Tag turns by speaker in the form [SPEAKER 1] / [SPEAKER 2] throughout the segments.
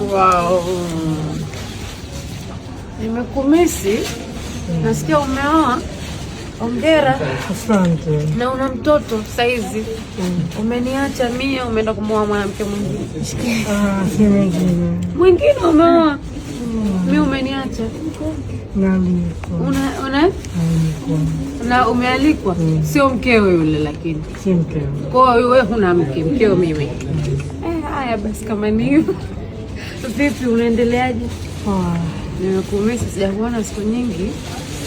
[SPEAKER 1] Wow. Nimekumisi. Nasikia umeoa. Hongera. Asante. Na una mtoto saizi. Hmm. Umeniacha mie, umeenda kumwoa mwanamke mwingine. Ah, mwingine. umeoa. Hmm. Mimi umeniacha. Una, una? Na umealikwa. Hmm. Sio mkewe yule lakini. Si mkewe. Kwa hiyo wewe huna mke, mkeo mimi. Mm. Eh, haya basi kama ni hivyo. Vipi, unaendeleaje? Poa. Ah. Nimekuumisi, sijakuona siku nyingi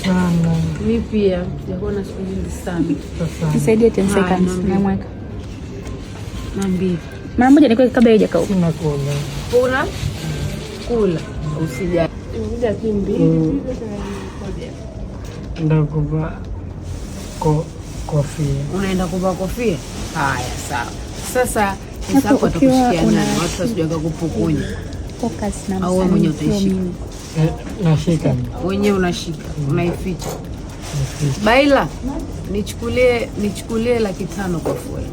[SPEAKER 1] sana. Mimi pia sijakuona siku nyingi sana. Nisaidie ten ah, seconds, namweka na mara moja, nikuweke kabla haijakauka. Kuna kula kula, kula. Usija usijali kuja kimbili mm.
[SPEAKER 2] ndakuva ko kofia
[SPEAKER 1] unaenda kuvaa kofia. Haya, sawa. Sasa ukiwa una watu wasijakakupukunya focus na au wewe mwenyewe utashika
[SPEAKER 2] eh, nashika
[SPEAKER 1] mwenyewe unashika mm. unaificha baila nichukulie nichukulie laki tano kwa fueli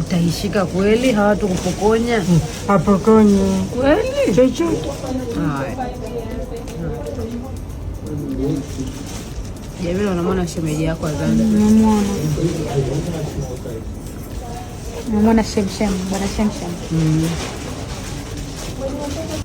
[SPEAKER 1] utaishika kweli hawatukupokonya mm,
[SPEAKER 2] apokonye kweli chochote
[SPEAKER 1] Jamila, unamwona shemeji yako Zanzibar? Namwona. Namwona Shemshem, bwana Shemshem. Mm. পরিমাণটা